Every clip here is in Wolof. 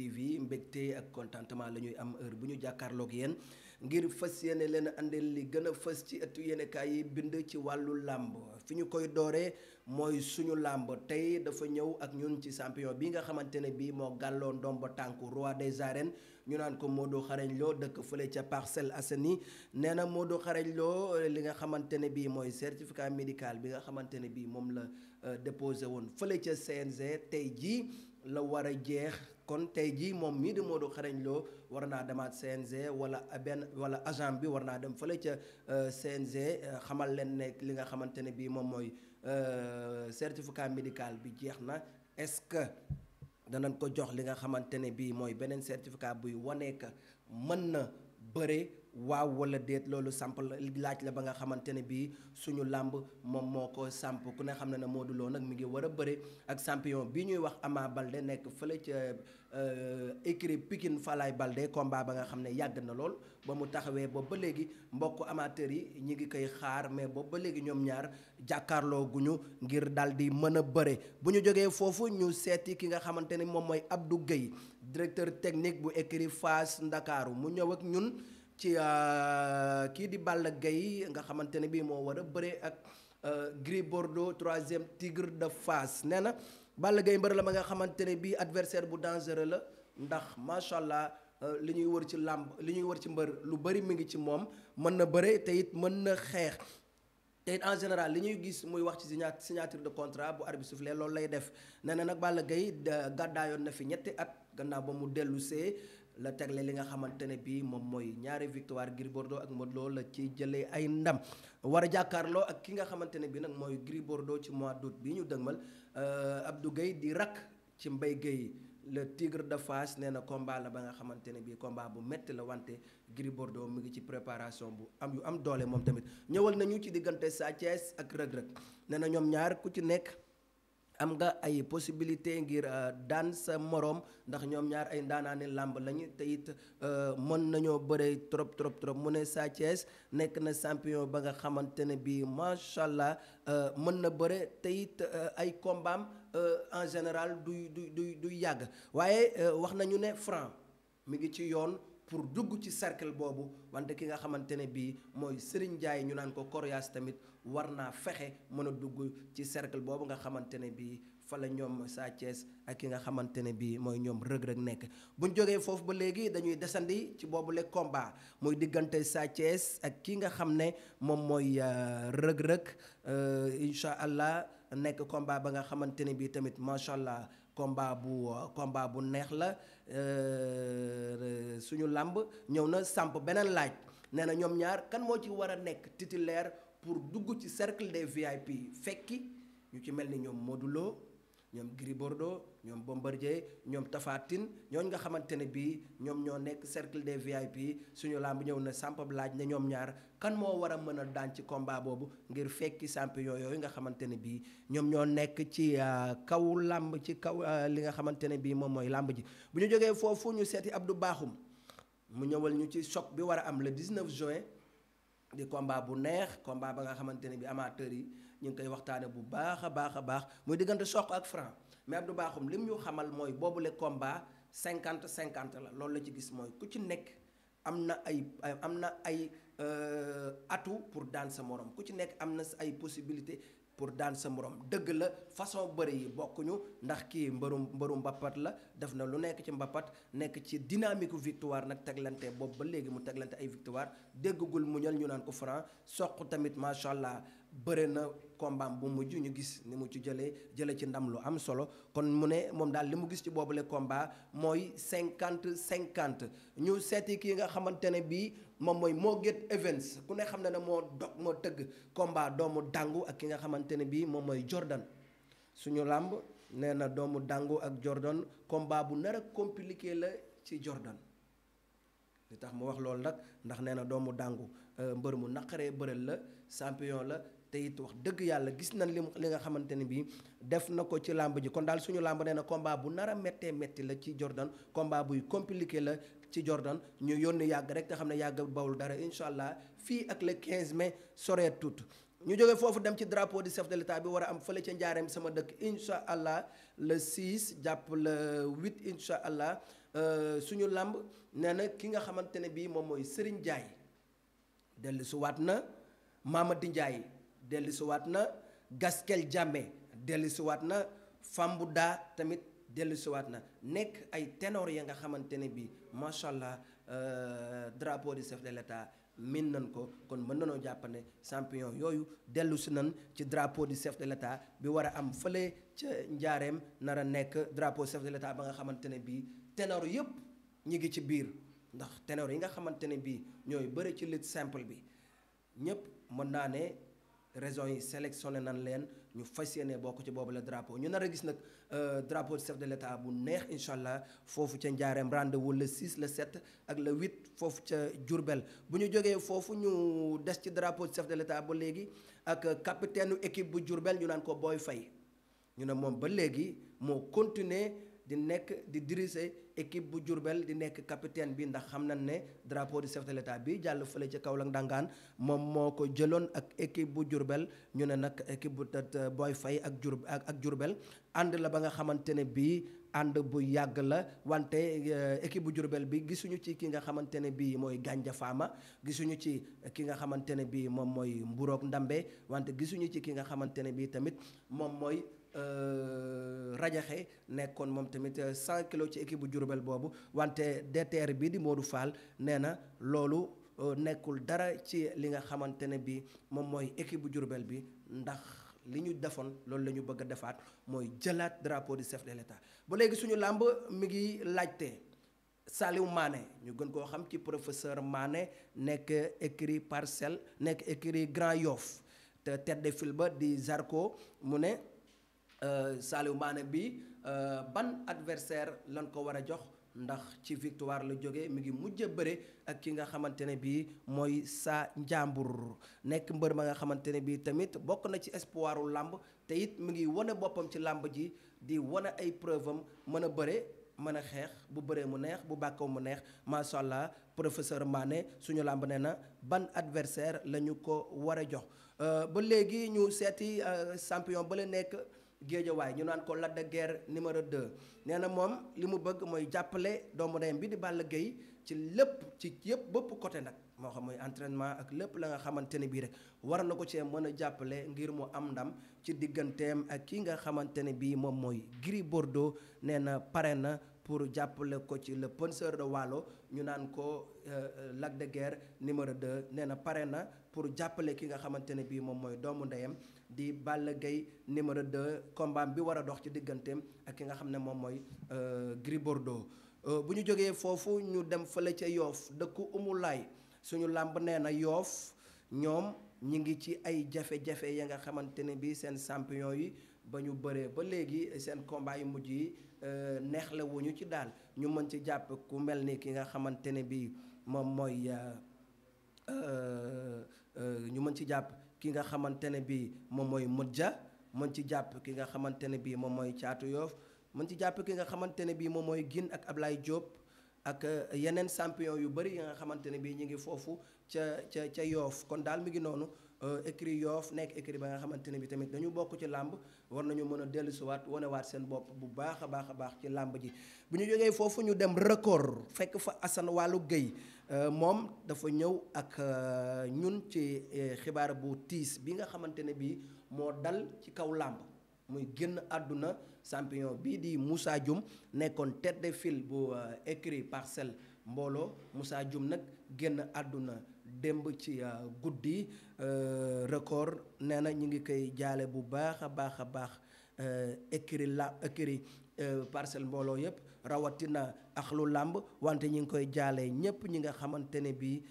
TV mbégte ak contentement la ñuy am heure bu ñu jàkkaarloog yéen ngir fas yéene leen àndeel li gën a fës ci ëttu yéenekaay yi bind ci wàllu làmb fi ñu koy dooree mooy suñu làmb tey dafa ñëw ak ñun ci champion bi nga xamante ne bii moo gàlloo ndomba tànku roi des arènes ñu naan ko Modou Xarañ loo dëkk fële ca Parcelles Assainies nee na Modou Xarañ loo li nga xamante ne bii mooy certificat médical bi nga xamante ne bii moom la euh, déposé woon fële ca CNG tey jii a jeex kon tey jii moom mii di Modou Xarañ Lo war naa demaat CNG wala benn wala agent bi war naa dem fële ca euh, CNG euh, xamal leen ne li nga xamante ne bii moom mooy euh, certificat médical bi jeex na est-ce que danañ ko jox li nga xamante ne bii mooy beneen certificat buy wanee que mën na bëre. waaw wala déet loolu samp laaj la ba nga xamante ne bii suñu làmb moom moo ko samp ku ne xam ne moo du Lo nag mi ngi war a bëre ak champion bi ñuy wax amaa Baldé nekk fële ca euh, écurie Pikine Falaye balde combat ba nga xam ne yàgg na lool ba mu taxawee boobu ba léegi mbokk amateur yi ñi ngi koy xaar mais boobu ba léegi ñoom ñaar jàkkaarloo gu ñu ngir daal di mën a bëre bu ñu jógee foofu ñu seeti ki nga xamante ne moom mooy Abdou Gueye directeur technique bu écurie Fass Ndakaaru mu ñëw ak ñun ci euh, kii di Balla Gaye nga xamante ne bii moo war a bëre ak euh, Gris Bordeaux troisième tigre de Fass nee na Balla Gaye mbër la ma nga xamante ne bii adversaire bu dangereux la ndax macha allah euh, li ñuy wër ci làmb li ñuy wër ci mbër lu bëri mi ngi ci moom mën na bëre te it mën na xeex. te en général li ñuy gis muy wax ci signature de contrat bu arbitre soufflé loolu lay def nee na nag Balla Gaye gàddaayoon na fi ñetti at gannaaw ba mu dellu see la tegle li nga xamante ne bii moom mooy ñaari victoire Gris Bordeaux ak Modou la ci jëlee ay ndam war a jàkkaarloo ak ki nga xamante ne bii nag mooy Gris Bordeaux ci mois d'août bi ñu dëgmal euh, Abdou Gueye di rak ci Mbaye Gueye le tigre de Fass nee na combat la ba nga xamante ne bii combat bu métti la wante Gris Bordeaux mu ngi ci préparation bu am yu am doole moom tamit ñëwal nañu ci diggante Sa Thiès ak Reug Reug nee na ñoom ñaar ku ci nekk. am nga ay possibilité ngir euh, daan sa moroom ndax ñoom ñaar ay ndaanaane làmb lañu teyit it euh, mën nañoo bëre trop trop trop mu ne Sa nekk na champion ba nga xamante ne bii macha allah euh, mën na bëre te it ay kombaam en général du du duy du yàgg waaye wax nañu ne Franc mu ngi ci yoon. pour dugg ci cercle boobu wante ki nga xamante ne bii mooy Serigne Ndiaye ñu naan ko Coriace tamit war naa fexe mën a dugg ci cercle boobu nga xamante ne bii fa la ñoom Sa ak ki nga xamante ne bii mooy ñoom Reug Reug nekk. bu ñu foofu ba léegi dañuy desandi ci boobule combat muy diggante Sa ak ki nga xam ne moom mooy euh, Reug Reug euh, incha allah nekk combat ba nga xamante ne bii tamit macha allah. combat bu combat bu neex la euh, suñu làmb ñëw na samp beneen laaj nee na ñoom ñaar kan moo ci war a nekk titulaire pour dugg ci cercle des VIP fekki ñu ci mel ni ñoom Modou Lo ñoom Gris Bordeaux ñoom Bombardier ñoom Tapha Tine ñooñ nga xamante ne bii ñoom ñoo nekk cercle des VIP suñu làmb ñëw na sampab laaj ne ñoom ñaar kan moo war a mën a daan ci combat boobu ngir fekki champion yooyu nga xamante ne bii ñoom ñoo nekk ci euh, kaw làmb ci kaw euh, li nga xamante ne bii moom mooy làmb ji bu ñu jógee foofu ñu seeti ab Abdou Bakhoum mu ñëwal ñu ci choc bi war a am le 19 juin di combat bu neex combat ba nga xamante ne bi amateur yi ñu ngi koy waxtaane bu baax a baax a baax muy diggante Sokh ak Franc mais Abdou Bakhoum lim ñu xamal mooy boobule combat cinquante cinquante la loolu la ci gis mooy ku ci nekk am na ay am na ay euh, atout pour daan sa moroom ku ci nekk am na ay possibilité pour daan sa morom dëgg la façon bëri yi bokkuñu ndax kii mbërum mbëru mbappat la def na lu nekk ci mbappat nekk ci dynamique victoire nag teglante boobu ba léegi mu teglante ay victoire déggagul mu ñal ñu naan ko Franc soq tamit macha allah combat bu mujj ñu gis ni mu ci jëlee jëlee ci ndam lu am solo kon mu ne moom daal li mu gis ci boobule combat mooy cinquante cinquante ñu seeti kii nga xamante ne bii moom mooy Moget Evans ku ne xam ne ne moo moo tëgg combat doomu dàngu ak ki nga xamante ne bii moom mooy Jordan suñu làmb nee na doomu dàngu ak Jordan combat bu nar a la ci Jordan. li tax mu wax loolu nag ndax nee na doomu dàngu euh, mbër mu naqaree bërël la champion la te it wax dëgg yàlla gis nañ li li nga xamante ne bii def na ko ci làmb ji kon daal suñu làmb nee na combat bu nar méttee métti la ci Jordan combat buy compliqué la ci Jordan ñu yónni yàgg rek te xam ne yàgg bawul dara incha allah fii ak le 15 mai soree tout ñu jógee foofu dem ci drapeau du chef de l'état bi war am fële ca njaareem sama dëkk incha allah le 6 jàpp incha allah euh, suñu làmb nee na ki nga xamante ne bii moom mooy Serigne jaay dellu si waat na Mamadi njaay dellusiwaat na Gaskel Jammeh dellusiwaat na Fambouda tamit dellusiwaat na nekk ay ténor ya nga xamante ne bii macha allah euh, drapeau du chef de l'État min nan ko kon mën nanoo jàpp ne champion yooyu dellu si nan ci drapeau du chef de l'État bi war a am fële ca njaareem nar nekk drapeau chef de l'État ba nga xamante ne bii ténor yëpp ñi ngi ci biir ndax ténor yi nga xamante ne bii ñooy bëri ci lutte simple bi ñëpp mën naa ne. régions yi sélectionné nan leen ñu fas yéene bokk ci boobu la drapeau ñu nar a gis nag euh, drapeau chef de l' bu neex incha allah foofu ca Njaareem rendez-vous le 6 le ak le 8 foofu ca Diourbel bu ñu jógee foofu ñu des ci drapeau chef de l' ba léegi ak capitaine équipe bu Diourbel ñu naan ko booy fay ñu ne moom ba léegi moo continuer di nekk di diriger. équipe bu Diourbel di nekk capitaine bi ndax xam nañ ne drapeau du chef de l'état bi jàll fële ca Kaolack ndangaan moom moo ko jëloon ak équipe bu Diourbel ñu ne nag équipe bu tat euh, booy Faye ak Diourbel ak Diourbel ànd la ba nga xamante ne bii ànd bu yàgg la wante euh, équipe bu Diourbel bi gisuñu ci ki nga xamante ne bii mooy Ganja Fama gisuñu ci ki nga xamante ne bii moom mooy Mburoog Ndambe wante gisuñu ci ki nga xamante ne bii tamit moom mooy Euh, Rajaxe nekkoon moom tamit 100 euh, kilos ci équipe bu Diourbel boobu wante DTR bii di Modou Fall nee na loolu euh, nekkul dara ci li nga xamante ne bii moom mooy équipe bu Diourbel bi ndax. li ñu defoon loolu la ñu bëgg a defaat mooy jëlaat drapeau du chef de l'État ba léegi suñu làmb mi ngi laajte Saliou Mané ñu gën koo xam ci professeur maane nekk écrit parcelle nekk écrit Grand Yoff te tête de file ba di Zarko mu ne Euh, Saliou Mané bi euh, ban adversaire lan ko war a jox ndax ci victoire la jógee mi ngi mujj a bëre ak ki nga xamante ne bii mooy Sa Ndiambour nekk mbër ma nga xamante ne bii tamit bokk na ci espoiru làmb te it mu ngi wane boppam ci làmb ji di wane ay preuve am mën a bëre. mën a xeex bu bëree mu neex bu bàkkaw mu neex macha allah professeur Mané suñu làmb nee na ban adversaire la ñu ko war a jox euh, ba léegi ñu seeti champion ba nekk. waaye ñu naan ko Lac de Guiers numéro 2 nee na moom li mu bëgg mooy jàppale doomu ndeyam bi di Balla géey ci lépp ci yëpp bëpp côté nag moo xam mooy entrainement ak lépp la nga xamante ne bii rek war na ko cee mën a jàppale ngir mu am ndam ci digganteem ak ki nga xamante ne bii moom mooy Gris Bordeaux nee na pare na pour jàppale ko ci le penseur de Waalo ñu naan ko euh, euh, Lac de Guiers numéro 2 nee na pare na pour jàppale ki nga xamante ne bii moom mooy doomu ndeyam di Balla Gaye numéro 2 combat bi war a dox ci digganteem ak ki nga xam ne moom mooy euh, Gris Bordeaux euh, bu ñu jógee foofu ñu dem fële ca yoof dëkku umulaay suñu làmb nee na yoof ñoom ñi ngi ci ay jafe-jafe ya nga xamante ne bi seen champion yi ba ñu bëree ba léegi seen combat yi mujj yi euh, neexle wuñu ci daal ñu mën ci jàpp ku mel ni ki nga xamante ne bi moom mooy ñu mën ci jàpp ki nga xamante ne bii moom mooy ja mën ci jàpp ki nga xamante ne bii moom mooy Caatu Yoof mën ci jàpp ki nga xamante ne bii moom mooy Gine ak Ablaye Diop ak euh, yeneen champion yu bëri yi nga xamante ne bii ñu ngi foofu ca ca ca Yoof kon daal mi ngi noonu. Euh, écrit yoof nekk écrit ba nga xamante ne bi tamit dañu bokk ci làmb war nañu mën a dellusiwaat waat seen bopp bu baax a baax a baax ci làmb ji bu ñu jógee foofu ñu dem record fekk fa Assane wàllu Gueye euh, moom dafa ñëw ak euh, ñun ci xibaar bu tiis bi nga xamante ne bi moo dal ci kaw làmb muy génn àdduna champion bii di Moussa Dioum nekkoon tête de file bu écrit parcelle mbooloo Moussa Dioum nag génn àdduna démb ci euh, guddi euh, record nee na ñu ngi koy jaale bu baax a baax a baax euh, écurie la écurie parcelle mbooloo yëpp rawatina ak lu làmb wante ñi ngi koy jaale ñëpp ñi nga xamante ne bii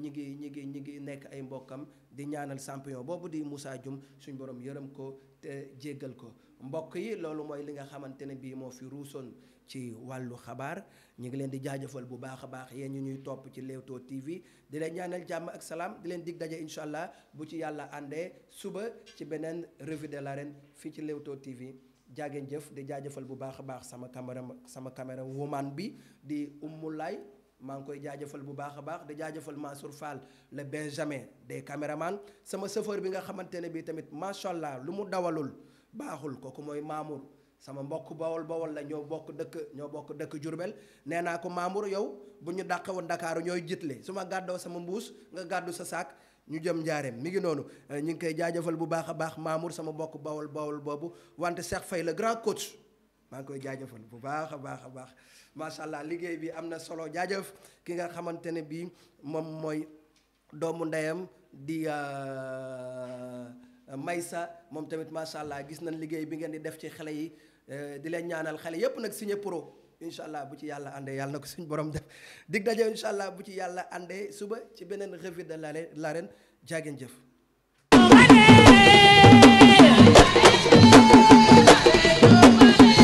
ñi ngi ñi ngi ñi ngi nekk ay mbokkam di ñaanal champion boobu di Moussa Dioum suñu borom yërëm ko te jéggal ko mbokk yi loolu mooy li nga xamante ne bii moo fi ruusoon ci wàllu xabaar ñu ngi leen di jaajëfal bu baax a baax yéen ñu ñuy topp ci Leewtoo TV di leen ñaanal jàmm ak salaam di leen dig daje incha allah bu ci yàlla àndee suba ci beneen revue de ren fii ci Leewtoo TV jaageen jëf di jaajëfal bu baax a baax sama caméra sama caméra woman bi di Ummulaay maa ngi koy jaajëfal bu baax a baax di jaajëfal Mansour Fall le benjamin des caméramans sama chauffeur bi nga xamante ne bii tamit macha allah lu mu dawalul baaxul kooku mooy Mamour sama mbokk bawol bawol la ñoo bokk dëkk ñoo bokk dëkk Jurbel nee naa ko Mamour yow bu ñu dàq woon ñooy jitle su ma gàddoo sama mbuus nga gàddu sa saak ñu jëm njaareem mi ngi noonu ñu ngi koy jaajëfal bu baax a baax Mamour sama mbokk bawol bawol boobu wante Cheikh fay la grand coach. maa ngi koy jaajëfal bu baax a baax a baax macha allah liggéey bi am na solo jaajëf ki nga xamante ne bii moom mooy doomu ndeyam di euh, Maysa moom tamit macha allah gis nañ liggéey bi ngeen di def ci xale yi euh, di leen ñaanal xale yépp nag signé pro incha allah bu ci yàlla àndee yàlla na ko suñu borom def dig daje incha allah bu ci yàlla àndee suba ci beneen revue de l'arène jaa ngeen jëf.